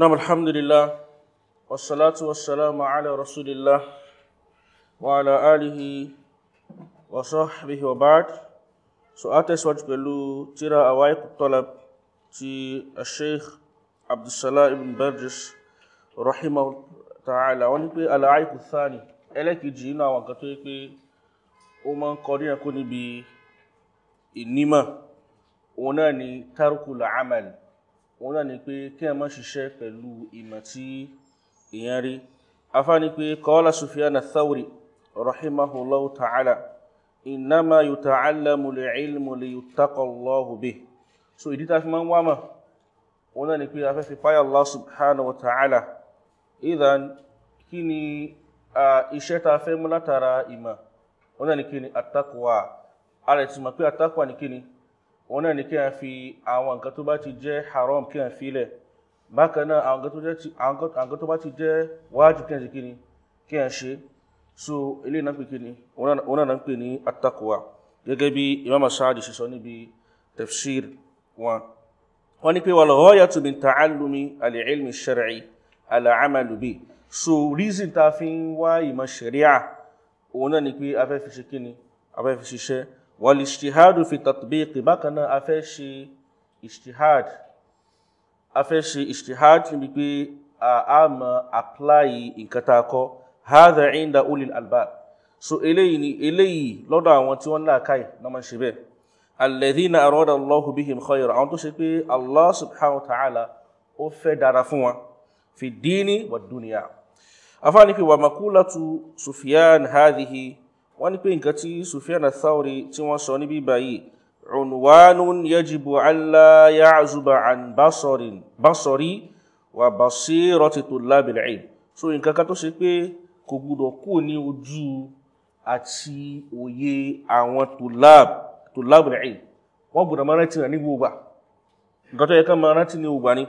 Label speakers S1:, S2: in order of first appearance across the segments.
S1: نعم الحمد لله والصلاة والسلام على رسول الله وعلى آله وصحبه وبعد سؤال تسواج بلو ترى أوائق الطلب تي الشيخ عبد السلام بن برجس رحمه تعالى wọ́n ní pé aláàrí kò sáà ní ẹlẹ́kìjì inú àwọn nǹkan tó yí pé ó máa ń kọ ní ẹkùn níbi ìnímọ̀ òun náà ni tarkul amal òun náà ni pé kí ẹ má ṣiṣẹ́ pẹ̀lú ìmọ̀ tí èèyàn rí afá ni pé qala Sufyan ath-Thawri rahimahullahu ta'ala innama yuta'allamu al-ilmu liyuttaqa Allahu bih so ìdí tá a fi máa ń wá mọ̀ òun náà ni pé afẹ́ fi páyà Allah subhanahu wa ta'ala idhan kí ni iṣẹ́ tá fẹ́ mú látara ìmọ̀ òun náà ni kí ni at-taqwa a mọ̀ pé at ni kí ni òun náà ni kí a fi àwọn nǹkan tó bá ti jẹ́ haram kí a fi ilẹ̀ bákan náà àwọn nǹkan tó bá ti jẹ́ wájib kí a ṣe kí ni kí a ṣe so ilé náà pè kí ni òun náà pè ní at-taqwa gẹ́gẹ́ bí imam Sa'di ṣe sọ níbi tafsir wọn wọ́n ní pé wal-ghayatu min ta'allumi al-ilmi ash-shar'i so reason ta fi ń wá ìmọ̀ sharia òun náà ni pé afẹ́ ṣe kí ni ṣiṣẹ́ wal ijtihad fi tatbiq bákan náà a fẹ́ ṣe ijtihad a fẹ́ ṣe ijtihad níbi pé a máa apply nǹkan tá a kọ́ hadha inda ulil albab so eléyìí ni eléyìí lọ́dọ̀ àwọn tí wọ́n láàkáì na ma ṣe bẹ́ẹ̀ alladhina arada Allahu bihim khayra àwọn tó wọ́n ní pé nǹkan tí Sufyan Thauri tí wọ́n sọ níbí báyìí unwanun yajibu alla ya'zuba an basarin basari wa basirati tullabil ilm so nǹkan kan tó ṣe pé kò gbúdọ̀ kú ní ojú àti òye àwọn tullab tullabul ilm wọ́n gbúdọ̀ máa rántí ní gbogbo nǹkan tó yẹ ká máa rántí ní gbogbo ni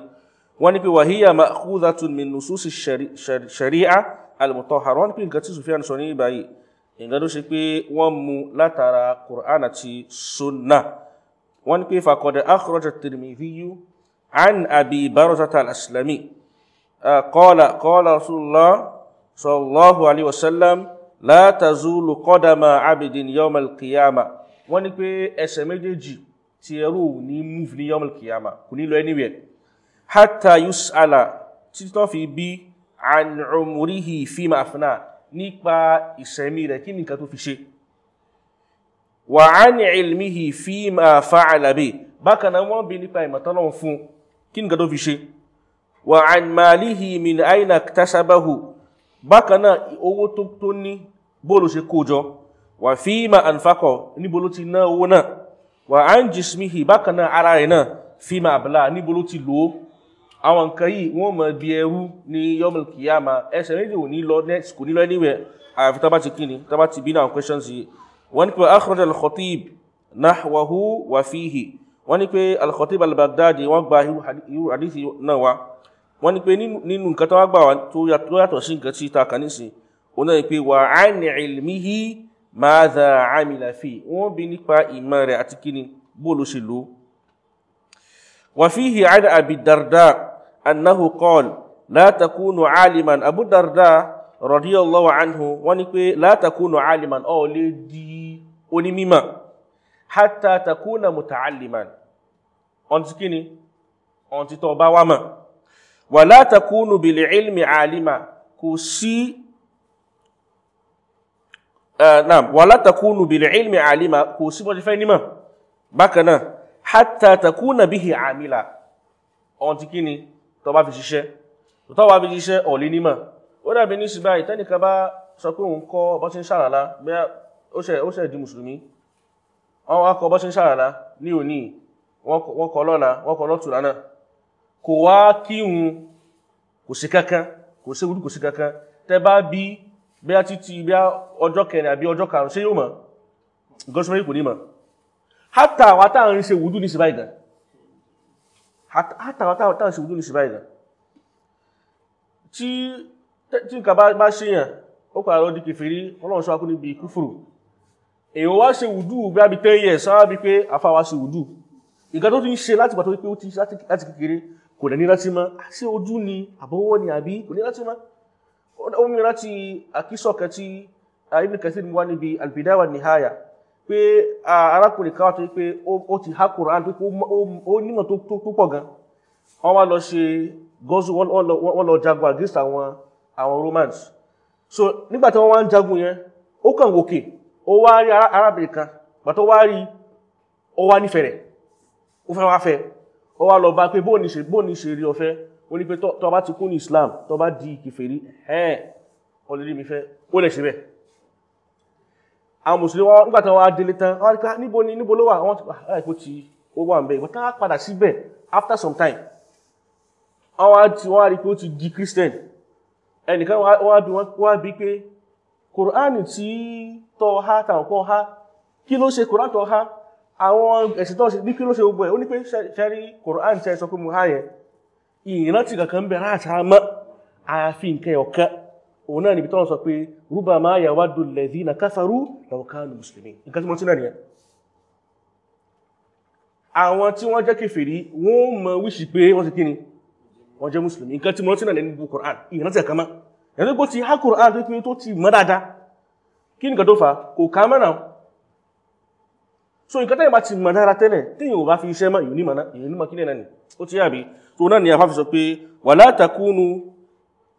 S1: wọ́n ní pé wàhíyà ma'khudhatun min nususi shari'a al wọ́n ní pé nǹkan tí Sufyan sọ ní báyìí nǹkan tó ṣe pé wọ́n mú látara Qur'an àti sunna wọ́n ní pé faqad akhraja at-Tirmidhi an Abi Barzata al-Aslami qala qala Rasulullah sallallahu alayhi wa sallam la tazulu qadama abdin yawm al-qiyamah hatta yus'ala títí fi bí an umrihi fima afna nípa ìṣẹ̀mí rẹ̀ kí nìkan tó fi ṣe wà á ní ilmihi fi ma fa'ala bi bákan náà wọ́n bi nípa ìmọ̀tọ́lọ́wọ́ fún kí nìkan tó fi ṣe wà á malihi min aina tasabahu bákan náà owó tó tó ní bóòlù ṣe kójọ wà fi ma anfakọ níbo ló ti ná owó náà wà á ń jismihi bákan ara rẹ̀ náà fi ma abla níbo ló ti lòó àwọn nǹkan yìí wọ́n mọ̀ bí ẹrú ní yọmọl kìyàmà ẹsẹ̀ méjì ò ní lọ next kò ní lọ anywhere àfi tábà ti kíni tábà ti bí náà questions yìí wọ́n ní pé akhraj al-khatib nahwahu wa fihi wọ́n ní pé al-khatib al-baghdadi wọ́n gba irú hadith náà wá wọ́n ní pé nínú nǹkan tó wá gbà tó yàtọ̀ sí nǹkan tí ta kà nísìn òun náà annahu qala la takunu aliman abu darda radiyallahu anhu wọ́n ní pé la takunu aliman ọ̀ lè di onímímọ̀ hatta takuna muta'alliman ọ̀n ti kíni ọ̀n ti tọ́ bá wá mọ̀ wà la takunu bil ilmi alima kò sí naam wàlá takúnù bil ilmi alima kò sí bọ́n ti fẹ́ nímọ̀ bákanáà hátà takúnà bihi àmìlà ọ̀n ti kí tó bá fi ṣiṣẹ́ tó bá fi ṣiṣẹ́ ọ̀lẹ́ nímọ̀ ó dàbí ní ṣùgbọ́n ìtẹ́nìkan bá sọ pé òun kọ́ bọ́ sí ń ṣàràlá bí ó ṣẹ̀ di mùsùlùmí wọ́n wá kọ́ bọ́ sí ń ṣàràlá ní òní wọ́n kọ́ lọ́la wọ́n kọ́ lọ́tùlá náà kò wá kíhun kò sí kankan kò sí wúdú kò sí kankan tẹ́ bá bí bí a títí bí ọjọ́ kẹrin àbí ọjọ́ karùn-ún ṣé yóò mọ̀ gọ́sùmẹ́rì àtàwọn táwọn táwọn ìṣòwò lónìí ṣìbáyìí náà tí tí nǹkan bá ṣèyàn ó padà lọ di kèfèrí ọlọ́run ṣọ́wá kú níbi kúfùrù èèyàn wá ṣe wùdú gbábi ten years sáwá bí pé àfa wá ṣe wùdú ìgbà tó ti ń ṣe láti pàtó pé ó ti láti kékeré kò dẹ̀ ní láti mọ́ ṣé ojú ni àbọ̀wọ́ ni àbí kò ní láti mọ́ ó mìíràn ti àkísọ̀kẹ́ tí ibn Kathir mú wá níbi al-Bidaya wa an-Nihaya pé arákùnrin kan wá torí pé ó ti há Kùránì pé ó nímọ̀ tó pọ̀ gan wọ́n wá lọ ṣe gọ́ọ̀sù wọ́n lọ jagun against àwọn àwọn Romans so nígbàtí wọ́n wá ń jagun yẹn ó kàn wòkè ó wá rí arábìnrin kan gbàtọ́ wá rí ó wá nífẹ̀ẹ́ rẹ̀ ó fẹ́ wá fẹ́ ó wá lọ bá pé bóò ní ṣe bóò ní ṣe rí ọfẹ́ ó ní pé tó bá ti Islam tó di kèfèrí ẹ̀ẹ́ ó lè rí mi fẹ́ ó àwọn mùsùlùmí wọn nígbà tí wọn wá délé tán wọn rí pé ah, níbo ni níbo ló wà wọn ti pa ah, ẹ kó ti ó wà nbẹ ìgbà tí wọn padà síbẹ̀ after some time wọn ti wọn rí pé ó ti di christian ẹnìkan wọn bí wọn wá bí pé kòránì tí tọ ha tàwọn kọ ha kí ló ṣe kòránì tọ ha àwọn ẹ̀sìn tó ṣe ní kí ló ṣe gbogbo ẹ̀ ó ní pé ṣẹ́rí kòránì tẹ́ sọ pé mo há yẹn ìrántí kankan bẹ̀rẹ̀ àtàmọ́ àyàfi nǹkan ọ̀kan òun náà níbi tọ́wọ́n sọ pé rúbà máa yawaddu alladhina kafaru law kanu muslimin nǹkan tí mo ti náà nìyẹn àwọn tí wọ́n jẹ́ kèfèrí wọ́n mọ̀ wíṣì pé wọ́n ti kí ni wọ́n jẹ́ mùsùlùmí nǹkan tí mo ti náà nìyẹn níbi Qur'an ìrántí ẹ̀ka má ẹ̀rọ gbó ti há Qur'an tó kí tó ti mọ́ dáadáa kí nǹkan tó fà kò ká mọ́ náà so nǹkan tẹ́yìn bá ti mọ̀ dára tẹ́lẹ̀ tẹ́yìn ò bá fi iṣẹ́ mọ́ ìyónímọ̀ kí náà ni ó ti yàbí tó náà ni àfáfi sọ pé wala takunu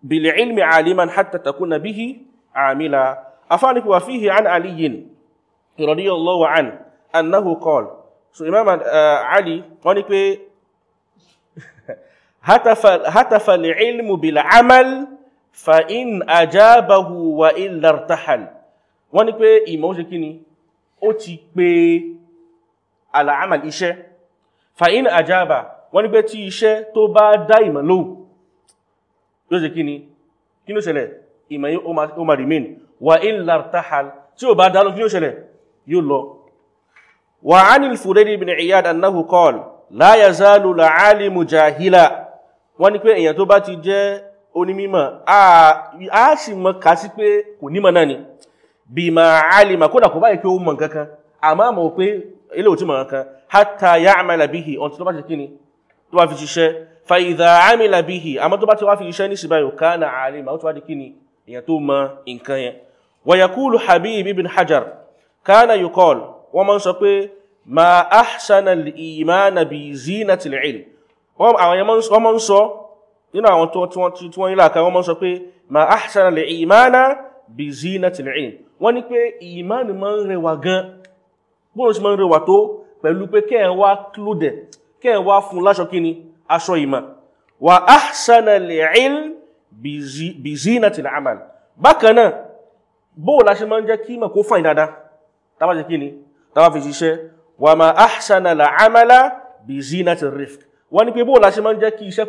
S1: bìlẹ̀ ilmi aliman hatta takuna bihi amila afánikù wà fíhì an aliyin radiyallahu an annahu qala so imam eh, ali wọ́n ní pé hatafa ilmu bil amal fa in ajabahu wa illa irtahal wọ́n ní pé ìmọ̀ ó ṣe kí ni ó ti pé fa in ajaba wọ́n ní pé tí iṣẹ́ tó bá dá ìmọ̀ yóò ṣe kí ni kí ló ṣẹlẹ̀ ìmọ̀ yí ó ma remain wà illar tahal tí ó bá dánú kí ló ṣẹlẹ̀ yóò lọ wà á ní Fudayl ibn Iyad annahu qala la yazalu la'alimu jahila wọ́n ní pé èyàn tó bá ti jẹ́ onímímọ̀ a sì mọ̀ ká sí pé kò nímọ̀ náà ni bima fàìdà àmìlà bí i àmọ́ tó bá ti wá fi iṣẹ́ ní ṣìbáyò kánà àlìmà ó ti wá di kí ni èyàn tó mọ nǹkan yẹn wàyàkúlù habib ibn hajar kánà yukol wọ́n máa ń sọ pé ma ahsana al-iman bi zinati al-ilm wọ́n máa ń sọ nínú àwọn tí wọ́n yí làkà wọ́n máa ń sọ pé ma ahsana al-iman bi zinati al-ilm wọ́n ní pé ìmánì máa ń rẹwà gan bóòrùn sí máa ń rẹwà tó pẹ̀lú pé kẹ́ẹ̀ wá clódẹ̀ fún láṣọ aṣọ ìmọ̀ wà áṣánà lè ìl bìzínà tìlà àmàl bákan náà bóò láṣe máa ń jẹ́ kí mọ̀ kó fàìn dáadáa tàbá jẹ́ kí ni tàbá fi ṣiṣẹ́ wà máa áṣánà lè àmàlà bìzínà tìlà rifq wọ́n ní pé bóò láṣe máa ń jẹ́ kí iṣẹ́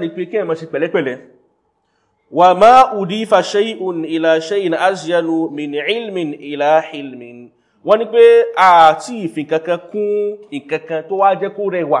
S1: ni pé kí ẹ ìfìnkankan kún ìkankan tó wá jẹ́ kó rẹwà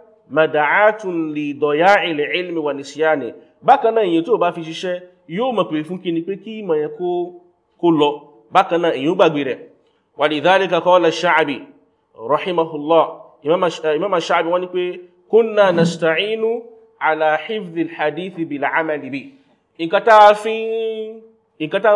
S1: mada'atun li dọ̀yá ilẹ̀ ilmi wa nisiyani bákanáà èyàn tó bá fi ṣiṣẹ́ yóò mọ̀ pé fún kíni pé kí ìmọ̀ yẹn kó lọ bákanáà èyàn gbàgbé rẹ̀ wà lè dáre kakọ́ lọ ṣáàbì rahimahullah imam ṣáàbì eh, wọ́n ni pé kúnnà nasta'inu ala hifdhil hadithi bil amali bi nǹkan tá fi nǹkan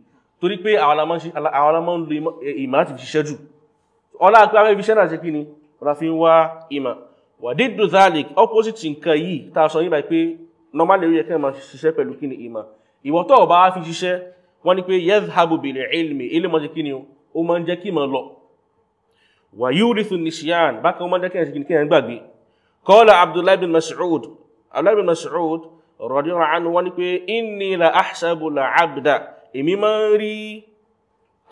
S1: torí pé àwọn alamọ́ ń lo ìmá eh, àti ìṣiṣẹ́ jù ọlá pé afẹ́ ibiṣẹ́ náà ṣe kí ni ọlá fi ń wá ìmá wà dídò zalik opposite nǹkan yìí tá a sọ yíba pé normally orí ẹ̀kẹ́ máa ṣiṣẹ́ pẹ̀lú kí ni ìmá ìwọ tó bá fi ṣiṣẹ́ ní pé yadhhabu bil ilmi kí ni ó kí ni kí ni gbàgbé qala abdullahi bin mas'ud abdullahi èmi máa ń rí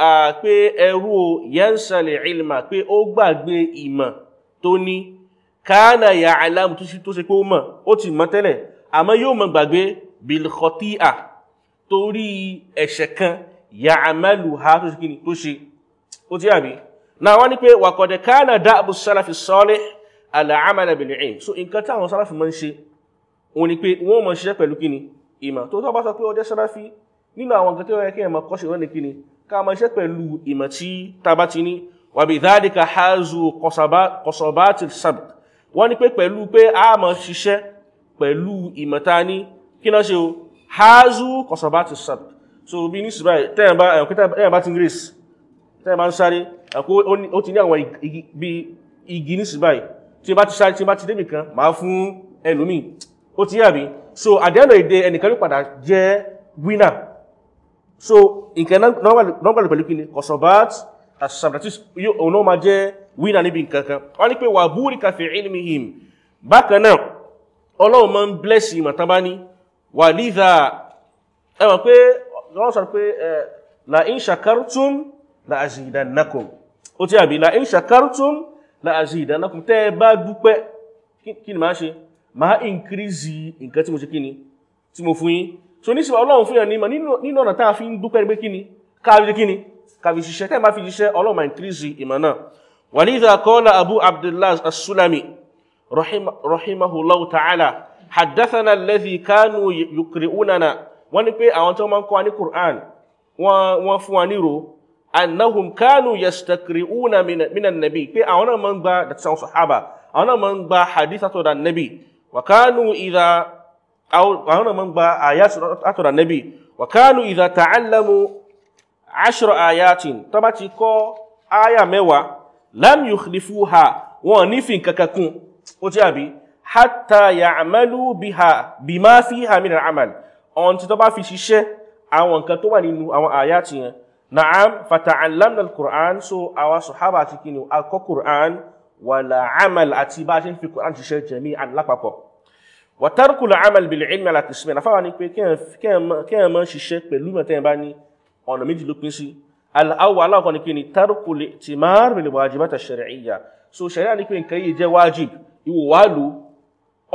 S1: à pé ẹrú o yẹnsàlẹ̀ ilma pé ó gbàgbé ìmọ̀ tó ní káànà yà aláàmù tó ṣe pé ó mọ̀ ó ti mọ̀ tẹ́lẹ̀ àmọ́ yóò mọ̀ gbàgbé bilkhati'a torí ẹ̀ṣẹ̀ kan yà àmàlù ha tó ṣe tó ṣe ó ti àbí náà wọ́n ní pé wàkọ̀dẹ̀ káànà dáàbù sálàfi sọ́lẹ̀ àlàámàlà ìmọ̀ tó tọ́ sọ pé ọjọ́ sálàfi nínú àwọn nǹkan tí ó yẹ kí ẹ máa kọ́ṣe wọn ní kí ni ká máa ṣe pẹ̀lú ìmọ̀ tí ta ti ní wa bidhalika hazu qasabati sabt wọ́n ní pé pẹ̀lú pé a máa ṣiṣẹ́ pẹ̀lú ìmọ̀ ta ní kí náà ṣe o hazu qasabati sabt so bí ní ṣùgbọ́n tẹ́yàn bá ti ń grace tẹ́yàn bá ń sáré ó ti ní àwọn igi ní ṣùgbọ́n tí bá ti sáré so at the end of the day winner so nǹkan náà pẹ̀lú pẹ̀lú kíni kọ̀sọ̀bát asàbàtí òun náà ma jẹ́ wína níbi nǹkankan wọ́n ní pé wà búrí ka fi ilmihim bákan náà ọlọ́run ma ń blẹ́sì ìmọ̀tánbá ní wà líza ẹwà pé wọ́n sọ pé la in shakartum la azidannakum ó ti àbí la in shakartum la azidannakum tẹ́ bá dúpẹ́ kí ni máa ṣe máa increase nǹkan tí mo ṣe kí ni mo fún yín so ní ìsìnkú ọlọ́run fún yàn ní ìmọ̀ nínú ọ̀nà tá a fi ń dúpẹ́ pé kíni káàbí kíni káàbí ṣiṣẹ́ tẹ́ bá fi ṣiṣẹ́ ọlọ́run máa ń tírìsì ìmọ̀ náà wà ní ìdá kọ́lá abu abdullah as-sulami ta'ala haddathana alladhi kanu yukri'unana wọ́n ní pé àwọn tó máa ń kọ́ ní qur'an wọ́n fún wa níro annahum kanu yastakri'una minan nabi pé àwọn náà máa ń gba dàtí sahaba àwọn náà máa ń gba hadith àtọ̀dà nabi wa kanu idha àwọn náà máa ń gba àyàtì látọ̀dà nẹ́bì wa kanu idha ta'allamu ashra ayatin tó bá ti kọ́ áyà mẹ́wàá lam yukhlifuha wọn nífin kankankun ó tí àbí hatta ya'malu biha bima fiha min al-amal ọ̀n ti tó bá fi ṣiṣẹ́ àwọn nǹkan tó wà nínú àwọn àyàtì yẹn na'am wàtàrùkùlù amal bil ilmi ala qismayn afáwà ní pé kéèyàn máa ṣiṣẹ́ pẹ̀lú mẹ́tẹ́yìn bá ní ọ̀nà méjì ló pín sí aláwọ̀ aláwọ̀ ní pé ní tàrùkùlù timar bil wajibata shar'iyya so ṣẹ̀ríà ní pé nǹkan yìí jẹ́ wájib ìwò wá lò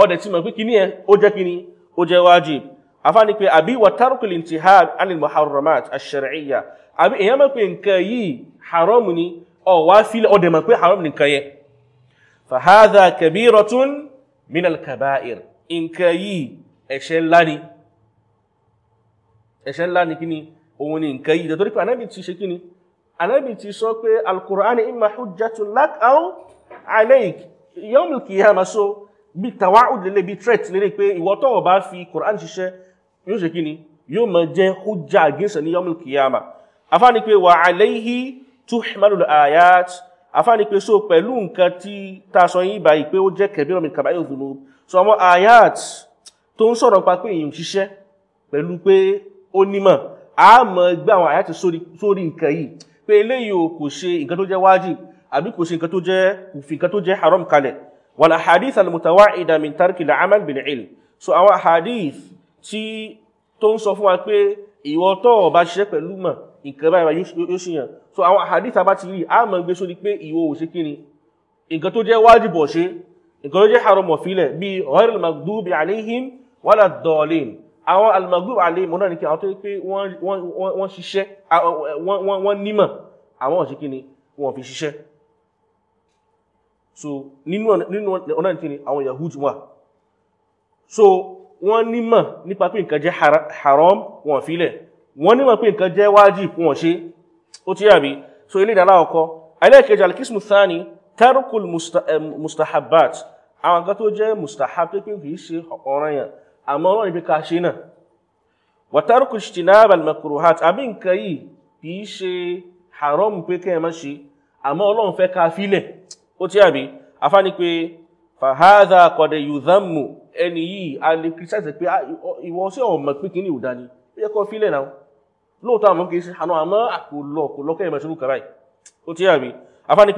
S1: ọdẹ tí mọ̀ pé kíní ẹ ó jẹ́ kíní ó jẹ́ wájib afáwà ní pé àbí wàtàrùkùlù intihab anil muharramat ash-shar'iyya àbí èèyàn mọ̀ pé nǹkan yìí haram ni ọ̀ wá fílẹ̀ ọdẹ mọ̀ pé haram ni nǹkan yẹ fa hadha kabiratun min al-kaba'ir nǹkan yìí ẹ̀ṣẹ̀ ńlá ni ẹ̀ṣẹ̀ ńlá ni kíni òun ni nǹkan yìí torí pé anábì ti ṣe kíni anábì ti sọ pé al-Qur'an imma hujjatun laka aw alayk yawmul qiyamah so bí tawa'ud lélẹ̀ bí threat lélẹ̀ pé ìwọ tó o bá fi Qur'an ṣiṣẹ́ yóò ṣe kíni yóò máa jẹ́ hujja against ní yawmul qiyamah afáni pé báyìí pé ó jẹ́ kabira min kaba'ir so àwọn ayat tó ń sọ̀rọ̀ pa pé èyàn ṣiṣẹ́ pẹ̀lú pé ó nímọ̀ a mọ̀ gbé àwọn ayat sórí nǹkan yìí pé eléyìí o kò ṣe nǹkan tó jẹ́ wájib àbí kò ṣe nǹkan tó jẹ́ òfin nǹkan tó jẹ́ haram kalẹ̀ wàlá hadith al-mutawa'ida min tarki al-amal bil ilm so àwọn hadith tí tó ń sọ fún wa pé ìwọ bá ṣiṣẹ́ pẹ̀lú mọ̀ nǹkan báyìí yóò ṣe yàn so àwọn hadith abá ti rí a mọ̀ gbé sórí pé ìwọ ò kíni nǹkan tó jẹ́ wájib bọ̀ ṣe nǹkan ló jẹ́ haram ọ̀fílẹ̀ bí ọ̀rẹ́ al-magdubi alayhim wala dọ̀ọ̀lìn àwọn al-magdubi alayhim náà ní kí àwọn tó pé wọ́n ṣiṣẹ́ wọ́n nímọ̀ àwọn ọ̀sí kí ni wọ́n fi ṣiṣẹ́ so nínú ọ̀nà tí ni àwọn yahudi wà so wọ́n nímọ̀ nípa pé nǹkan jẹ́ haram wọn fílẹ̀ wọ́n nímọ̀ pé nǹkan jẹ́ wájib wọn àwọn nǹkan tó jẹ́ mustahab tó pé kìí ṣe ọ̀ranyàn àmọ́ ọ̀rọ̀ níbi ká ṣe náà wa tarku ijtinab al-makruhat àbí nǹkan yìí kìí ṣe haram pé kẹ́ ẹ má ṣe àmọ́ ọlọ́run fẹ́ ká filẹ̀ ó ti àbí afáni pé fahadha qad yudhammu ẹni yìí a lè kìrìsìtì pé ah, ìwọ sí ọmọ pé kí ìwòdá ni ó yẹ kó filẹ̀ náà lóòótọ́ àmọ́ kìí ṣe àná àmọ́ àkòlọ́kẹ́ ìmọ̀ṣẹ́lú kàbáyì ó ti àbí afáni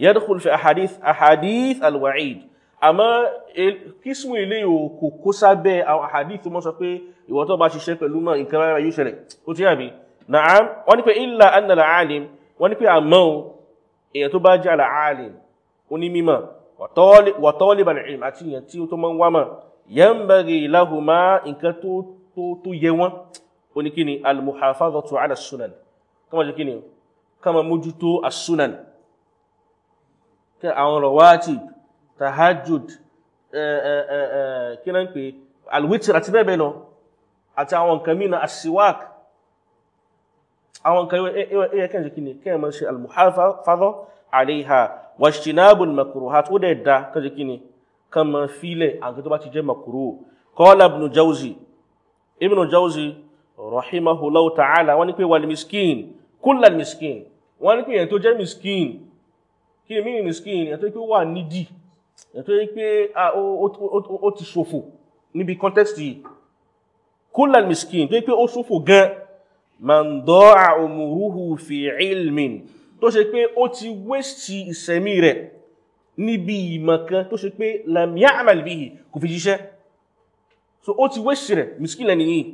S1: yadkhul fi ahadith ahadith alwa'id àmọ́ e, kísmù ilé òkò kó sábẹ́ àwọn ahadith mọ́ sọ pé ìwọ tó bá ṣiṣẹ́ pẹ̀lú mọ́ nǹkan rárá yóò ṣẹlẹ̀ ó ti yàbí na'am wọ́n ní pé illa anna al'alim wọ́n ní pé àmọ́ èèyàn tó bá jẹ́ al'alim oní mímọ̀ wa talib al-ilm àti èèyàn ó tó máa ń àwọn rawatib tahajjud kí náà ń pè alwitr àti bẹ́ẹ̀ bẹ́ẹ̀ lọ àti àwọn nǹkan mìíràn asiwak àwọn nǹkan ẹyẹ kẹ́ ṣe kí ni kẹ́ mọ́ ṣe almuhafadha alaiha wajtinabul makruhat ó dẹ̀ da kẹ́ ṣe kí ni kan mọ́ fílẹ̀ àti tó bá pé wal miskin kullal miskin wọ́n ní pé yẹn tó jẹ́ miskin kí ni mínú miskin ẹ̀ tó pé wà nídìí ẹ̀ tó pé ó ti ṣòfò níbi context yìí kúlal miskin tó pé ó ṣòfò gan man dọ́a umuruhu fi ilmin tó ṣe pé ó ti wéṣì ìsẹ̀mí rẹ̀ níbi ìmọ̀ tó ṣe pé lam so ó ti wéṣì rẹ̀ miskin lẹ́ni yìí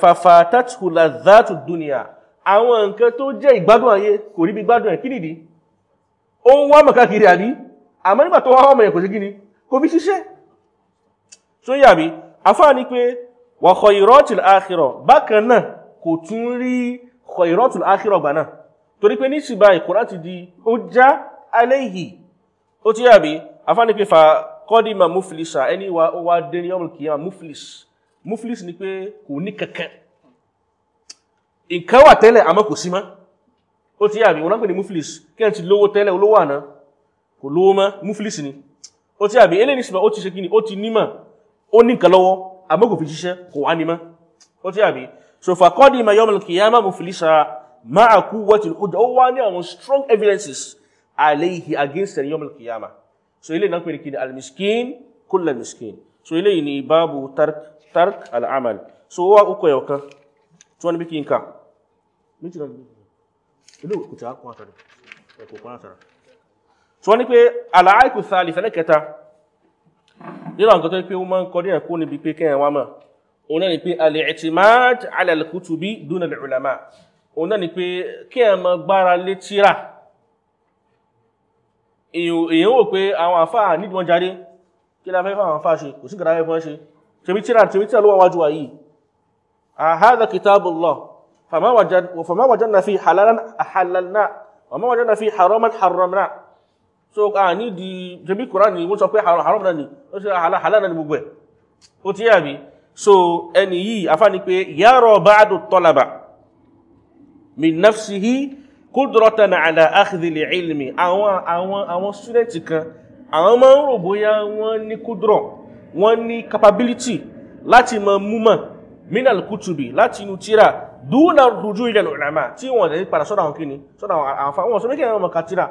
S1: fafatathu ladhatu dunya àwọn nǹkan tó jẹ́ ìgbádùn ayé kò rí bí gbádùn ẹ̀ kí nìdí ó ń wá mọ̀ká kiri àbí àmọ́ nígbà tó wá ọmọ yẹn kò sí kí ni kò fi ṣiṣẹ́ tó yà mí afáà ni pé wà khairatul akhirah bákan náà kò tún rí khairatul akhirah gbà náà torí pé ní ṣùgbà ìkùrá ti di ó já aléhì ó ti yà mí afáà ni pé fa kọ́dìmà muflisa ẹni wa ó wá dé ní ọmọ kìíyàn muflis muflis ni pé kò ní kankan nǹkan wà tẹ́lẹ̀ àmọ́ kò sí mọ́ ó ti yàbí wọ́n pè ní muflis kí ẹ̀ ti lówó tẹ́lẹ̀ olówó àná kò lówó mọ́ muflis ni ó ti yàbí eléyìí nísìmọ̀ ó ti ṣe kíni ó ti nímọ̀ ó ní nǹkan lọ́wọ́ àmọ́ kò fi ṣiṣẹ́ kò wá ní mọ́ ó ti yàbí so fàkọ́dì ma yawmal qiyamah muflisa ma'a quwwatil hujja ó wá ní àwọn strong evidences alayhi against ẹ̀ yawmal qiyamah so eléyìí náà pè ní kíni al-miskin kulla miskin so eléyìí ni babu tark tark al-amal so ó wá ó kọ̀ yọ̀ kan tí wọ́n níbi kí n kà méjìlá ilé kò tí a kún àtàrà ẹ̀kọ́ kún àtàrà tí wọ́n ní pé aláàkù sáàlì sẹ́lẹ̀ kẹta nínú àwọn tó pé wọ́n máa ń kọdí ẹ̀kọ́ níbi pé ni pé al-i'timad duna ulama òun náà ni pé kí ẹ mọ gbára lé tírà èyàn wò pé àwọn àfáà nídìí wọn jáde kí la fẹ́ fáwọn àfáà ṣe kò sí gàdáfẹ́ fún ṣe tèmi tírà tèmi tírà ló wà wájú wa yìí hadha kitabullah فما وجد وفما وجدنا في حلالا حللنا وما وجدنا في حراما حرمنا so a ní di jẹbi koran ni wọ́n sọ pé haram náà ni ó sì halal náà ni gbogbo ẹ̀ ó ti yà bí so ẹni yìí afá ni pé yàrá ba'du talaba min nafsihi qudratan ala akhdhil ilmi àwọn àwọn àwọn student kan àwọn máa ń rò bóyá wọ́n ní kúdùrọ wọ́n ní capability láti mọ múmọ̀ minal kutubi láti inú tíra dúnà rújú ilẹ̀ lọ́nàmà tí wọ́n tẹ̀lé padà sọ́dọ̀ àwọn kíni sọ́dọ̀ àwọn àǹfà wọn sọ pé kẹ́yàn mọ̀ kàtírà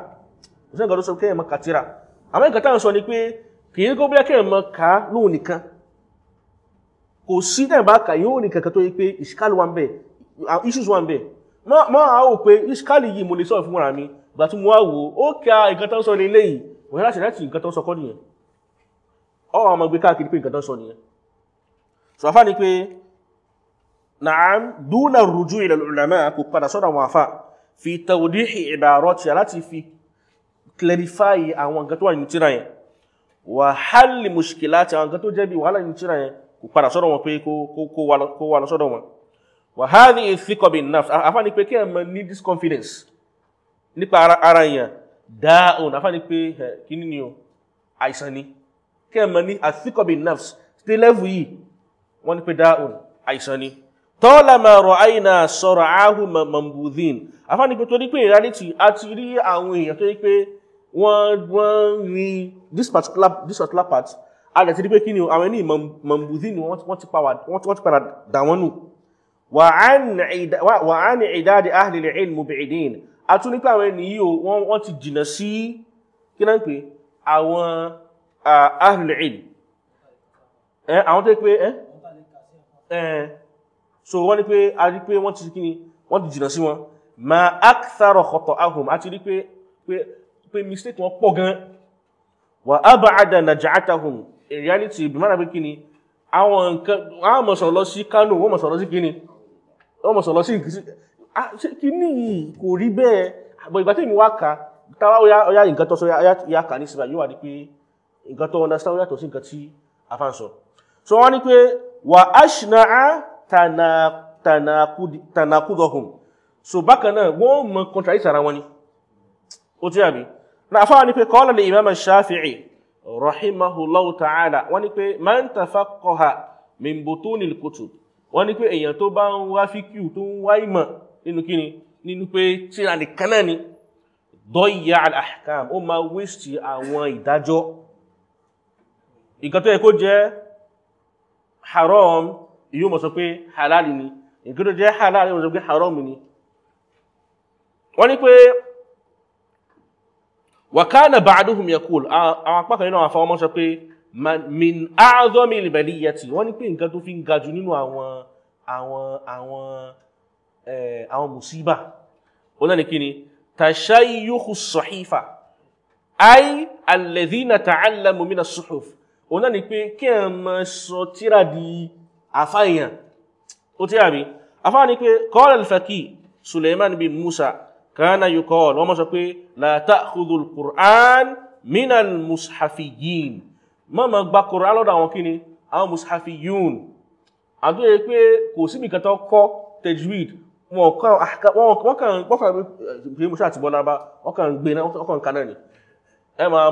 S1: òsìn ìgbà tó sọ kẹ́yàn mọ̀ kàtírà àmọ́ ìgbà táwọn sọ ni pé kì í gómìnà kẹ́yàn mọ̀ ká lóhun nìkan kò sí náà bá kà yóò ní kẹ̀kẹ́ tó yí pé ìṣkálù wà ń bẹ̀ issues wà ń bẹ̀ mọ́ àwọ̀ pé ìṣkálù yìí mo lè sọ fún ara mi gbà tí mo wá wò ó kí a nǹkan tó ń sọ ní ilé yìí wọ́n láti láti nǹkan tó ń sọ kọ́ nìyẹn ni naam dúnà rújú ilal ulama kò padà sọ́dọ̀ wọn àfà fi tawdihi ibarati láti fi clarify àwọn nǹkan tó wà nínú tírà yẹn wà hálì mushkilati àwọn nǹkan tó jẹ́ bí wàhálà nínú tírà yẹn kò padà sọ́dọ̀ wọn pé kó wà lọ́sọ́dọ̀ wọn wà hálì ìfikọ̀bì nafs afá ni pé kí ẹ mọ ní disconfidence nípa ara èèyàn dáhùn afá ni pé kí ni o àìsàn ni kí ẹ mọ ní àfikọ̀bì nafs tí lẹ́fù yìí wọ́n ni pé dáhùn àìsàn ni tọ́lámà rọ̀áìnà sọ̀rọ̀ áhù mambudin afáni pé torí pé reality a ti rí àwọn èèyàn tó rí pé wọ́n rí this particular this particular part a lè ti rí pé kí ni àwọn ẹni mambudin wọ́n ti padà dàwọnù wà á ní ìdádi ahlil ilmu bi'idin a tún nípa àwọn ẹni yíò wọ́n ti jìnà sí kí náà pé àwọn ahlil ilm àwọn tó rí pé ẹ́ so wọ́n ní pé a rí pé wọ́n ti kí ni wọ́n ti jìnà sí wọn ma aktharo kọ̀tọ̀ ahùn àti rí pé pé mistake wọn pọ̀ gan wà abáadà naj'atahum in reality bí mọ́nà pé kí ni àwọn nǹkan wọ́n mọ̀ sọ̀rọ̀ lọ sí Kano wọ́n mọ̀ sọ̀rọ̀ sí ni wọ́n mọ̀ sọ̀rọ̀ sí kí ni kò rí bẹ́ẹ̀ àbọ̀ ìgbà tí mi wá ka understand yàtọ̀ sí so wọ́n ní tanakudọ̀hùn so bákan náà wọ́n mọ̀ contradict ara wọn ni ó tí àbí na afọ́ ní pé kọ́lá lè imam shafi'i rahimahullahu ta'ala wọ́n ni pé man tafaqqaha min butunil kutub wọ́n ni pé èyàn tó bá ń wá fíkíù tó ń wá ìmọ̀ nínú kíni nínú pé tíra nìkan náà ni yóò mọ̀ sọ pé halali ni nǹkan tó jẹ́ halali mọ̀ sọ pé haram ni wọ́n ní pé wàkánà ba'duhum yakul àwọn apákan nínú àwọn afọwọ́mọ́ sọ pé min a'dhami al-baliyyati wọ́n ní pé nǹkan tó fi ń gajù nínú àwọn àwọn àwọn àwọn musiba wọ́n ní kíni tashayyukhu as ay alladhina ta'allamu min àfá èèyàn ó tí àbí àfá ní pé qala al-faqih Sulaiman bin Musa kana yuqal wọ́n mọ́ sọ pé la ta'khudhu al-Qur'an min al-mushafiyyin mọ́mọ́ gba Qur'an lọ́dọ̀ àwọn kíni àwọn mushafiyyun àdó yẹ pé kò síbi kẹta kọ́ tajwid wọ́n kàn gbé Musa àti Bọ́lába wọ́n kàn gbé náà wọ́n kàn kanáà ni ẹ máa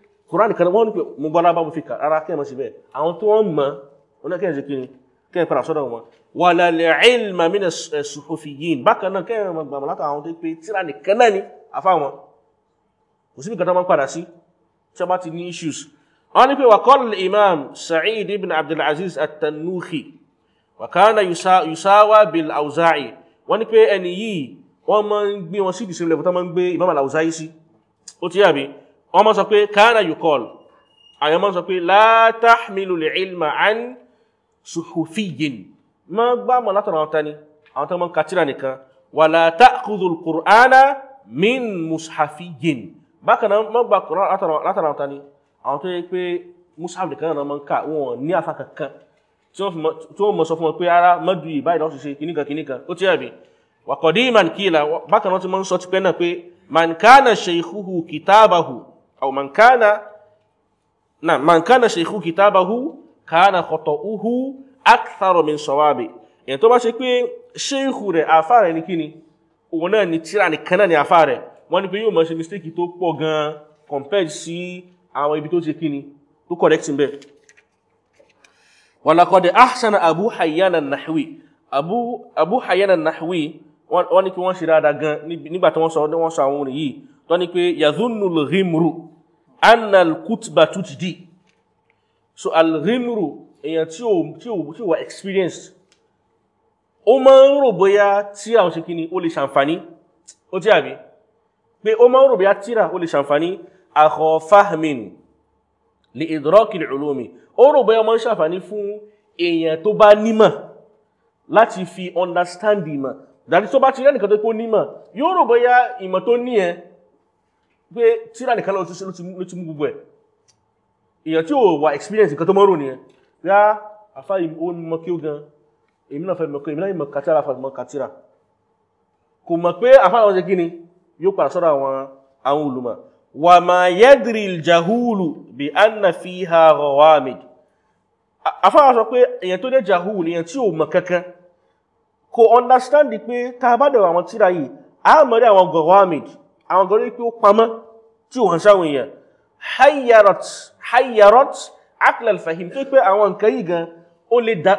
S1: Quran kan wọ́n ní pé mo bọ́lá bá mo fi kà ara kí ẹ mọ̀ sí bẹ́ẹ̀ àwọn tó wọ́n mọ̀ wọn náà kẹ́yìn ṣe kí ni kẹ́yìn padà sọ́dọ̀ wọn wà lálẹ́ ilmà mí sùfòfì yìí bákan náà kẹ́yìn mọ̀ gbàmọ̀ látà àwọn tó pé tíra nìkan náà ni afá wọn kò síbi kan tó máa ń padà sí tí wọ́n wọ́n mọ́ sọ pé kára yukọl àyàn mọ́ sọ pé látàmìlù lè ilmà án suhufiyin ma gbá mọ̀ látọ̀rọ̀ àwọn tani àwọn tó mọ́ katira nìkan wà látàkùdùl kùránà min mushafiyin bákan mọ́ gbà kùrán látọ̀rọ̀ àwọn tani àwọn tó yẹ pé mushaf nìkan náà mọ́ ká wọn ní afa kankan tí wọ́n mọ̀ sọ fún wọn pé ara mọ́dù ìbáyìí lọ́sùn ṣe kìnnìkan kìnnìkan ó ti rẹ̀ أو من كان نعم من كان شيخ كتابه كان خطأه أكثر من صوابه يعني tó bá ṣe pé ṣéǹkù rẹ̀ àfá rẹ̀ ní kíni òun náà ni tíra nìkan náà ni àfá rẹ̀ wọ́n ní pé yóò máa ṣe mistake tó pọ̀ gan compared sí àwọn ibi tó ṣe kíni tó correct ń bẹ̀. ولقد أحسن أبو حيان النحوي أبو أبو حيان النحوي wọ́n ní pé wọ́n ṣe dáadáa gan nígbà tí wọ́n sọ àwọn òun yìí tó ní pé يظن الغمر anna al-kutba tutdi so al-ghimru èèyàn tí ò tí ò tí ò wà experienced ó máa ń rò bóyá tí àwọn ṣe kíni ó lè ṣàǹfààní ó tí àbí pé ó máa ń rò bóyá tíra ó lè ṣàǹfààní akha fahmin li idraki al-ulumi ó rò bóyá máa ń ṣàǹfààní fún èèyàn tó bá nímọ̀ fi understand ìmọ̀ dàbí tó bá ti rẹ́nìkan tó kó nímọ̀ yóò rò bóyá ìmọ̀ tó ní ẹ pé tíra nìkan lọ ló ti mú gbogbo ẹ̀ èyàn tí ó wà experience nǹkan tó mọ́rò nìyẹn yá àfá ó mọ́ kí ó gan èmi náà fẹ́ mọ́ èmi náà mọ́ kàtíra fà mọ́ kàtíra kò mọ̀ pé àfá àwọn ṣe kíni yóò padà sọ́dọ̀ àwọn àwọn olùmọ̀ wà má yẹ́dìrì jahulu bí anna fi ha rawamid àfá àwọn sọ pé èyàn tó jẹ́ jahulu èyàn tí ó mọ̀ kankan kò understand pé tá bá dẹ̀wọ̀ àwọn tíra yìí a mọ̀ rí àwọn rawamid àwọn gan rí pé ó pamọ́ tí ò hàn sáwọn èèyàn hayyarat hayyarat aklal fahim tó pé àwọn nǹkan yìí gan ó lè dá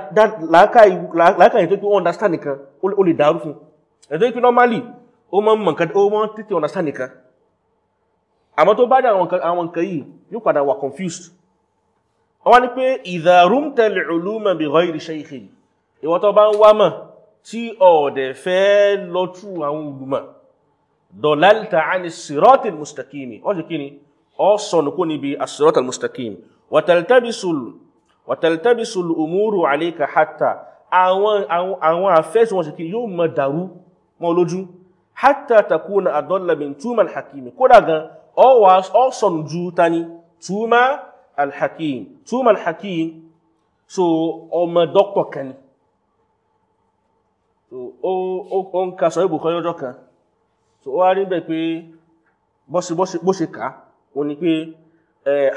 S1: láákàyè tó pé ó understand nìkan ó lè dàrú fún ẹ̀tọ́ pé normally ó mọ́ mọ̀ nǹkan ó mọ́ títí understand nìkan àmọ́ tó bá dá àwọn nǹkan yìí yóò padà wà confused wọ́n ní pé idha rumta al-uluma dọ̀lálítà àni sírọ́tì mùsítàkìmì ó sì kíni ó sọnù kó níbi àsírọ́tì mùsítàkìmì wàtàlítàbísùl umúrù àlékà hátà àwọn àfẹ́sì wọn sì kí yóò mọ dàrú mọ́ lójú hátà takuna àdọ́làmìn túmọ̀ alhakimi kódà gan ó sọnù ju tani túmọ̀ alhakim túmọ̀ alhakim so ọmọ dọ́kọ̀ kan ni o ń ka sọ ibùkọ́ lọ́jọ́ kan so ó wá rí bẹ́ẹ̀ pé bó ṣe ká o ní pé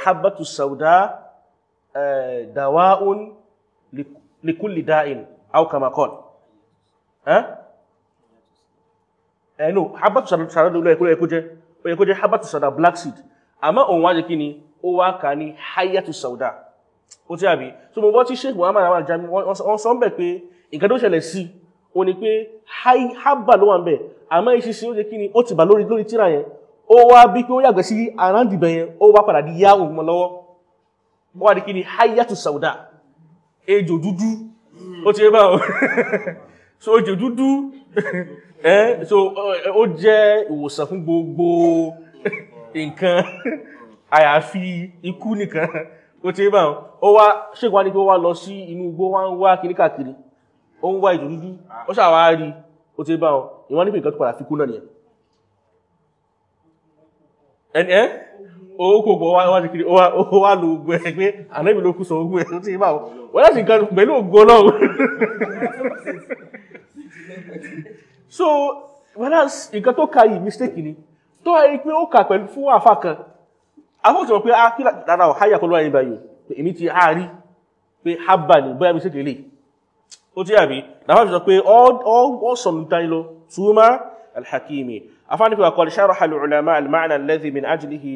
S1: habbatu sauda dawa'un likulli da'in aw kama qal ẹnu habbatu sauda ló ẹkú jẹ́ ó yẹ kó jẹ́ habbatu sauda black seed àmọ́ òun wá jẹ́ kí ni ó wá ká ní hayatu sauda ó tí àbí so mo bọ́ tí sheikh muhammad awal jami wọ́n sọ ń bẹ̀ pé nǹkan sí o ní pé haibba ló wà ń bẹ̀ àmọ́ ìṣiṣẹ́ ó jẹ́ kí ni ó ti bà lórí lórí tíra yẹn ó wá bí pé ó yàgbẹ́ sí àrándìbẹ̀ yẹn ó wá padà di yá òun mọ́ lọ́wọ́ ó wá di kí ni hayatu sauda ejò dúdú ó ti bá so ejò dúdú ẹ́ eh, so ó jẹ́ ìwòsàn fún gbogbo nǹkan àyàfi ikú nìkan ó ti bá ọ wá ṣègbọ́n ni pé ó wá lọ sí inú igbó wá ń wá kiri ó ń wá ejò dúdú ó ṣàwárí ó ti bá wọn ìwọ́n níbi nǹkan tó padà fi kú náà nìyẹn ẹni ẹ́ oókògbò wá ti kiri ó wá lo ogun ẹ̀ pé ànábì ló kú sọ ogun ẹ̀ tí bá wọn wọ́n láti nǹkan pẹ̀lú ògo lọ́wọ́ so whereas nǹkan tó ka yìí mistake ni tó wá rí pé ó kà pẹ̀lú fún àfà kan afọ́sọ̀rọ̀ pé a ah, kí lára ọ̀háyà kọlọ́ ẹ̀yìn báyìí èmi ti a rí pé habba ni bóyá mistake lè ó tí àbí láfáàfi sọ pé ó sọ̀mùtán lọ túmọ̀ alhakimi afáàní pẹ̀lú àkọlù ṣáàrọ̀ alùlàmà alìmáàna lẹ́dí min ajilihi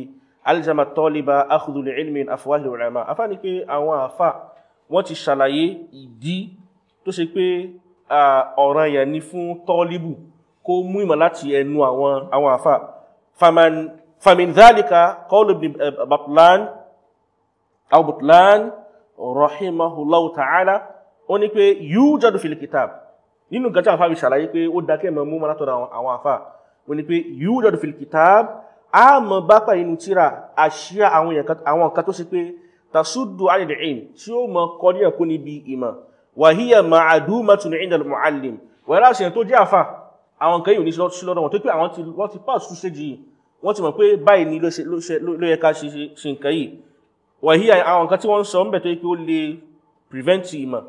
S1: aljama tọ́líba akùdùlù ilmi afuwáhì alùlàmà afáàní pé àwọn àfà wọ́n ti ṣàlàyé ìdí tó ṣe pé ọ̀ranyàn ni fún tọ́líbù kó mú ìmọ̀ láti ẹnu àwọn àfà famin dhalika qawlu ibn eh, rahimahullahu ta'ala ó ní pé yíó jọ́dù fìlì kìtàb nínú gajá àfáà ṣàlàyé pé ó dákẹ́ mọ̀ mú mọ́ látọ̀dọ̀ àwọn àfáà ó ní pé yíó jọ́dù fìlì kìtàb a mọ̀ bá pà nínú tíra àṣíyà àwọn nǹkan tó ṣe pé tasuddu anil ilm tí ó mọ̀ kọ́ ní ẹ̀kọ́ níbi ìmọ̀ wàhíyà ma'adumatun inda al-muallim wẹ̀rẹ́ àṣẹ tó jẹ́ àfáà àwọn kan yìí ní sílọ́dọ̀ wọn tó pé àwọn ti pass through stage yìí wọ́n ni ló yẹ ká ṣe nǹkan yìí wàhíyà àwọn nǹkan tí wọ́n ń sọ ń bẹ̀ prevent ìmọ̀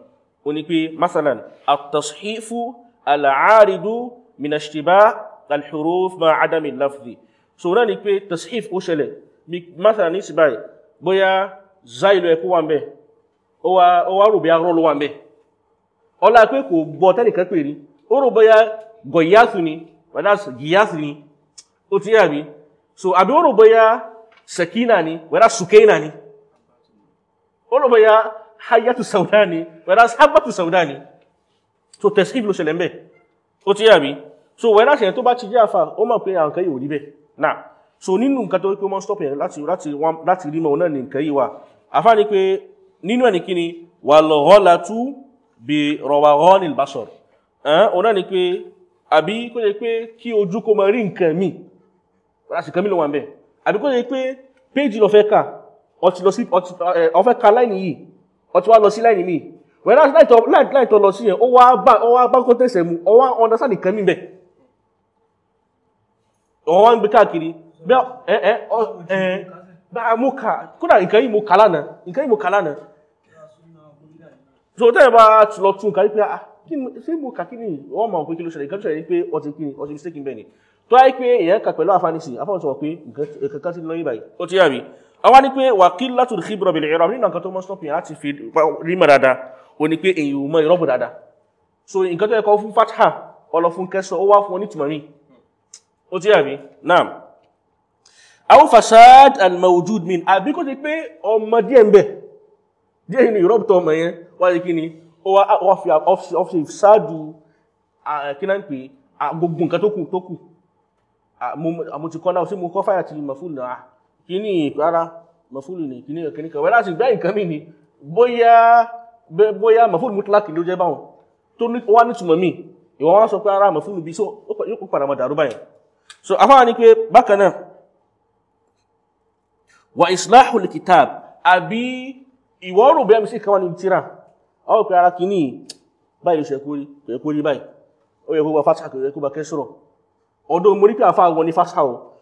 S1: ó ní pé masalan at-tashifu al-aridu min ashtiba al-huruf ma adam al-lafzi so na ní pé tashif ó ṣẹlẹ̀ masalan ní sibai bóyá zailo ẹ kó wà ńbẹ̀ ó wá ó wá rò bóyá ro ló wà ńbẹ̀ ó pé kò gbọ́ tẹ́nìkan pé rí ó rò bóyá goyasu ni whereas giyasu ni ó ti yà bí so àbí ó rò bóyá sakina ni whereas sukaina ni ó rò bóyá hayatu sauda ni whereas habatu sauda so tẹ̀síf ló ṣẹlẹ̀ ń ti yàrí so whereas ẹ̀ tó bá ti jẹ́ àfà ó mọ̀ pé àǹkan yìí ò rí bẹ̀ náà so nínú nǹkan tó wípé wọ́n stop yẹn láti láti láti rí mọ̀ náà ní nǹkan yìí wà àfà ni pé nínú ẹ̀ ní kíni wà lọ́ọ́lá tú bí rọwà rọ́ọ̀nì ìbásọ̀ ọ̀n náà ni pé àbí kó jẹ́ pé kí ojú kó máa rí nǹkan míì láti kan mí ló wà ń bẹ̀ àbí kó jẹ́ pé péjì lọ fẹ́ kà ọtí lọ sí ọfẹ́ ka láìní yìí ọtí wá lọ sí láìní mi wẹ́rẹ́ láìtọ́ lọ sí yẹn ó wá bá ó wá bá kó tẹ̀sẹ̀ mu ó wá understand nǹkan mi bẹ̀ ọ̀wọ́ wá ń gbé káàkiri bí ẹ ẹ mo kà kódà nǹkan yìí mo kà lánàá mo kà lánàá so tẹ́lẹ̀ bá lọ tún kàrí pé ah ṣé mo kà kí ni wọ́n máa pé kí ló ṣẹlẹ̀ nǹkan tó ṣẹlẹ̀ pé ọtí kí àwa ní pé wà kí látòdì khibra bil i'rab nínú nǹkan tó mọ́ stọ́pì láti fi rímọ̀ dáadáa o ní pé èyí mọ́ ìrọ́bù dáadáa so nǹkan tó ẹkọ fún fatha ọlọ fún kẹsọ ó wá fún onítìmọ̀ mi ó ti àbí naam àwọn fasad al-mawjud min àbí kó ti pé ọmọ díẹ̀ ń bẹ díẹ̀ nínú ìrọ́bù tó ọmọ yẹn wá ní kí ni ó wá fi ọ́fíì ṣáájú kí náà ń pè kíní ìpara mọ̀fúlù ní kíní ọ̀kíní kan wẹ́lá sì gbá nǹkan mí ni bóyá bóyá mọ̀fúlù mútúláàkì ló jẹ́ báwọn tó wá nítumọ̀ mí ìwọ̀n wá sọ pé ara mọ̀fúlù bí yóò padà mọ̀ dàrú báyìí so afáà ni pé bákan náà wa islahu likitab àbí ìwọ̀n rò bẹ́ẹ̀ mi sí kan wá ní tíra ọwọ́ pé ara kíní báyìí ṣe kórí kò yẹ kórí báyìí ó yẹ kó gba fásitì kò yẹ kó gba ọdún mo rí pé àfáà wọn ní fásitì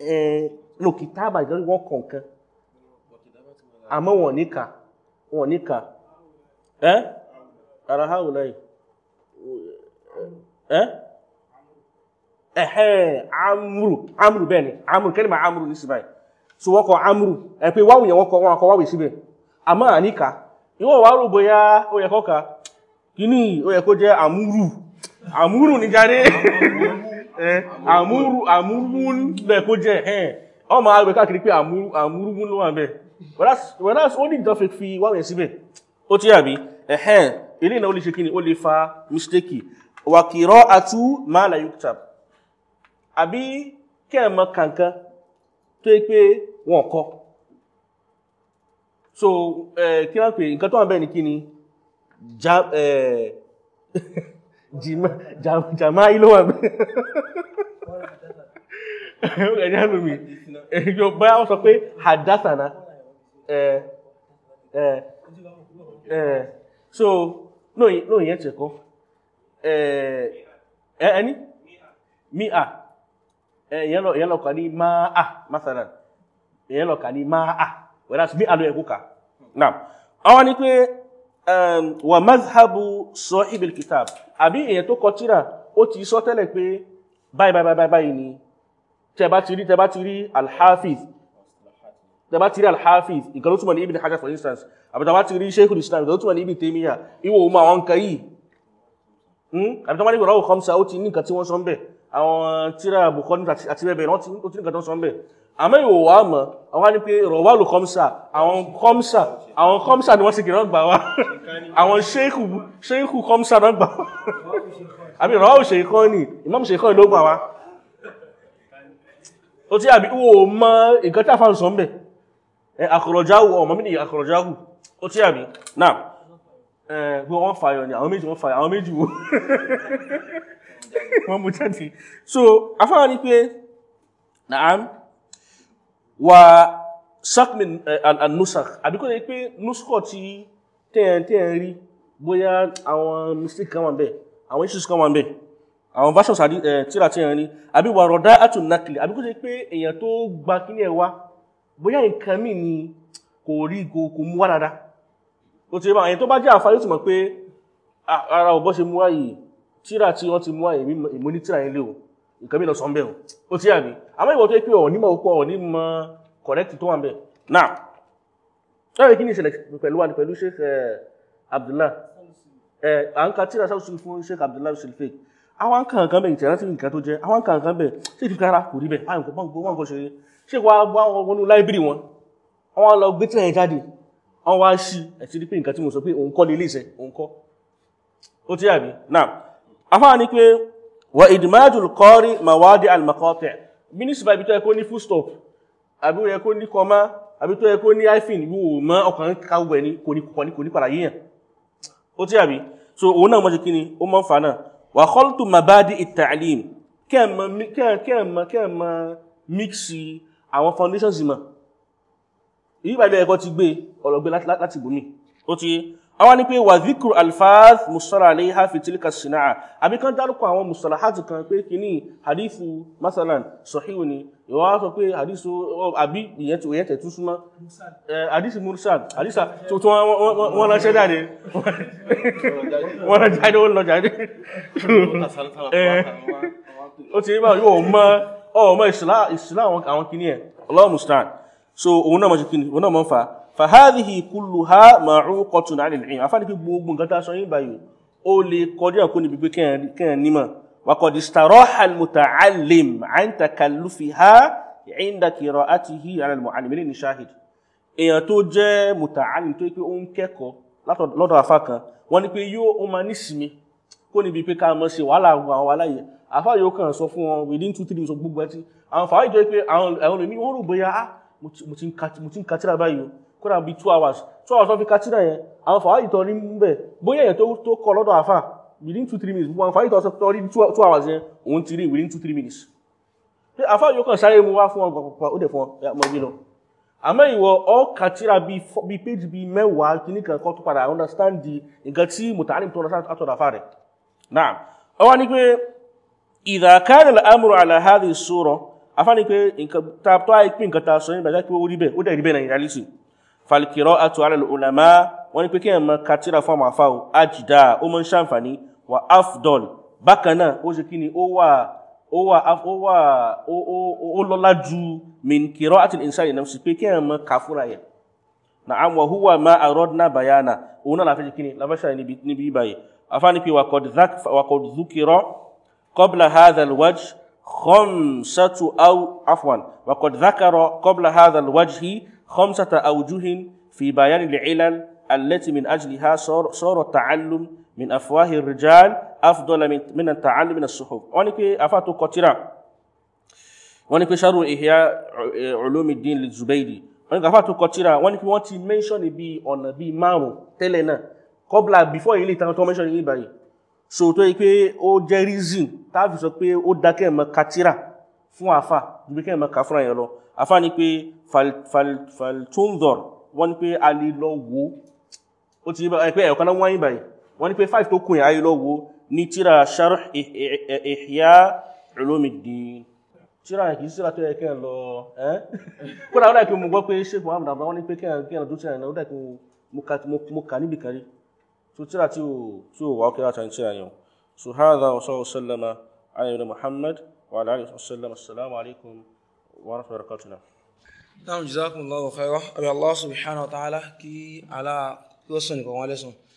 S1: é, no kitaba gan wọ́n nke nǹkan àmọ́ wọ́n níkà ara hàù láì ẹ́ ẹ̀hẹ́ amúrù amúrù bẹ́ẹ̀ ni amúrù kẹ́lìmà amúrù ní so wọ́n kọ amúrù ẹ̀ pé wáwù yẹn akọ wáwù síbẹ̀ àmọ́ ama ka gini ní ó yẹ kó jẹ́ àmúrúmún bẹ́ẹ̀ kó jẹ́ ẹ̀hẹ́n ọmọ àgbẹ̀ káàkiri pé àmúrúmún ló wà bẹ́ẹ̀ whereas ó ní ìdánfẹ́ fi wáwẹ̀ síbẹ̀ ó tí àbí ẹ̀hẹ́n ilé ìnáwó lè ṣe kí ni ó lè fa mistake wàkìrọ́ atu máa láyé tap kankan so eh, kira n'ikini ja eh, jàmáà yìí ló wà bẹ́ẹ̀ ẹ̀yà lómi yorùbá ó sọ pé hadasana so lóyìn yẹn tẹ̀kọ́ ẹni mi'a ìyẹn lọ́kà ní ma'a masalan ìyẹn lọ́kà ní ma'a whereas mi'a ló ẹ̀kú ka now àwọn ni pé wà mazhabu sahibil kitab àbí èyàn tó kọ tírà ó ti sọ tẹ́lẹ̀ pé báyìí báyìí báyìí báyìí ni tẹba ti rí tẹba ti rí alhafiz tẹba ti rí for instance àbí tẹba ti rí sheikhul islam ìkan ló túnmọ̀ ní ibn Taymiyyah ìwò ohun àwọn nǹkan yìí hmm? àbí tẹba ní ìwọ̀rọ̀ khamsa ó ti ní nǹkan tí wọ́n sọ ń bẹ̀ àwọn àmọ́ ìwò wa mọ̀ àwọn ni pé rọ̀wálù kọ́msà àwọn kọ́msà àwọn kọ́msà ni wọ́n ti gìrán gbà wá àwọn ṣéèkù kọ́msà náà gbà wá àbí rọ̀wálù ṣèkọ́ ni ìmọ̀mù ṣèkọ́ ló gbà wá ó ti àbí wò mọ́ nǹkan tí a fáwọn sọ́n bẹ̀ àkọ̀rọ̀jáwù ọmọ mi ni àkọ̀rọ̀jáwù ó ti àbí náà gbé wọ́n fàyọ̀ ni àwọn méjì wọ́n fàyọ̀ àwọn méjì wọ́n mú so afáwọn ni pé naam wà sakmi eh, al-nusakh àbíkó ní pé nuskọ̀ tí tẹ́yẹn rí bóyá àwọn mistake kan wà bẹ́ẹ̀ àwọn issues kan wà bẹ́ẹ̀ àwọn versions eh, tíra tẹ́yẹn rí àbí wà rọ̀dá àtún nakli àbíkó ní pé èèyàn tó gba kíní ẹ̀ wá bóyá nǹkan mí ni kò rí kò mú wá dáadáa ó ti bá àyẹ̀ tó bá jẹ́ àǹfààní ó ti mọ̀ pé ah, ara ò bọ́ ṣe mú wáyìí tíra tí wọ́n ti mú wáyìí mo ní tíra yẹn lé o nǹkan mìíràn sọ́nbẹ̀ o ó tí àbí àmọ́ ìwọ̀n tó é pé ọ̀ nímọ̀ ọkọ̀ ọ̀ nímọ̀ correct tó wà ń bẹ̀ now ṣọ́rọ̀ kí ni ìṣẹ̀lẹ̀ pẹ̀lú wa pẹ̀lú Sheikh eh, Abdullah eh, à ń ka tíra sáwùsùn fún Sheikh Abdullah sulfate àwọn kan kan bẹ̀ ìtẹ̀rántí nǹkan tó jẹ́ àwọn kan kan bẹ̀ ṣé ìfi kára kò rí bẹ̀ báyìí kò bọ́n gbogbo ṣe ṣé wá wá wọnú láìbírì wọn àwọn lọ gbé tíra yẹn jáde wọn wá sí ẹ̀sí rí pé nǹkan tí mo sọ pé òun kọ́ ní ilé iṣẹ́ òun kọ́ ó ti àbí now afáà ni pé wa idmajul qari mawadi al-maqati' bí ní ṣùgbà ibi tó yẹ kó ní full stop àbí ó yẹ kó ní kọmá àbí tó yẹ kó ní hyphen ìlú ò mọ́ ọkàn káwọ́ ẹni kò ní kò ní kò ní padà yíyàn ó tí àbí so òun náà mọ́ kíni ó mọ́ ń fa náà mabadi at kẹ́ẹ̀mọ́ mixi àwọn foundations mọ̀ ìyípadà ẹ̀kọ́ ti gbé ọ̀rọ̀ láti bùnmi ó ti àwọn ni pé wà zikru alfaz musala alayha fi tilka sina'a àbí kan dárúkọ àwọn musalahati kan pé kìíní hadithu masalan sahihu ni ìwọ́n sọ pé hadithu àbí ìyẹn tí òyẹ́ tẹ̀tú súnmọ́ eh, hadithu mursal hadithu tó tó wọ́n ránṣẹ́ jáde wọ́n rán jáde wọ́n lọ jáde eh, ó ti rí bá yóò mọ́ ọmọ ìsìlá àwọn kìíní ẹ̀ Allahu musta'an so òun náà mọ́ fàhádìí kúlù ha màrún kọtùn àrìn ìrìn afáàdì pé gbogbo nǹkan tá a sọ yín báyìí ó lè kọjá kó níbi pé kẹ́hàn nímọ̀ wàkọ̀dì starohal muta'allim àìntà kàlùfì ha ìyínda kìrọ̀ àti hí àrẹ̀lmọ̀ àlìmílẹ̀ ní shahid èèyàn tó jẹ́ muta'allim tó pé ó ń kẹ́kọ̀ọ́ lọ́dọ̀ afá kan wọ́n ní pé yóò ó máa nísìmí kó níbi pé ká mọ̀ ṣe wàhálà àwọn àwọn ah, mo ti ń katira báyìí kódà bí two hours two hours wọ́n fi yẹn àwọn fàáyì tọ́ rí bẹ́ẹ̀ bóyá èèyàn tó kọ́ lọ́dọ̀ àfà within two three minutes wọn fàáyì tọ́ rí two hours yẹn òun ti rí within two three minutes pé àfà yóò kàn sáré mu wá fún wọn pàpàpà ó dẹ̀ fún mọ lọ àmọ́ ìwọ ọ katsina bí page bí mẹ́wàá kìíní kan kọ́ tó understand di nǹkan tí mùtàlím tó understand àtọ̀dà fà rẹ̀ náà ọ wá ní pé ìdàkárẹ̀ àfà ní pé nǹkan falikirọ́ àtò alẹ́ olàmá wọ́n ní pé kí ẹ̀mọ́ katira fún àwọn afáwò ajìdá ó mọ́ ń wà afdol bákan ó ṣe kí ni ó wà ó lọ́lá ju minkirọ́ àti ìsáyẹ̀ náà sì pé kí ẹ̀mọ́ kà fúnra na àwọn huwa ma àrọ́dínà bayana òun náà láfẹ́ kí ni láfẹ́ níbi ìbáyẹ̀ afáàní pé wàkọ̀ zukirọ́ قبل هذا الوجه خمسة أو عفوا وقد ذكر قبل هذا خمسة أوجه في بيان العلل التي من أجلها صار التعلم من أفواه الرجال أفضل من التعلم من الصحف ونكي أفاتو كتيرا ونكي شروا إحياء علوم الدين للزبيدي ونكي أفاتو كتيرا ونكي وانتي mention بي on بي مامو تلنا قبل بيفور ilé ìtàn tó mention yìí báyìí so tó yí pé ó jẹ́ reason táàfi sọ pé ó dákẹ́ fún àfà dùgbẹ́kẹ́ ìmọ̀ ká fúnra yẹn lọ àfà ni pé faltonzor wọ́n ni pé a lè lọ wo ó ti yíba ẹ̀pẹ́ ẹ̀kọ́ náà wáyé báyìí wọ́n ni pé 5 tó kù yẹn a lè lọ wo ní tíra sharh ihya ulumuddin tíra kìí síra tó yẹ kẹ́ lọ ẹ́ kódà ó dàkí mo gbọ́ pé sheikh muhammed abba wọ́n ni pé kẹ́ lọ dúkìá náà ó dàkí mo kà so tíra tí ò wà ó kẹ́ra tàn tíra so hadha wa sallallahu alaihi muhammad وعلى اله وصحبه وسلم السلام عليكم ورحمه بركاته نعم. نعم جزاكم الله خيرا ابي الله سبحانه وتعالى كي على قصه قوالسون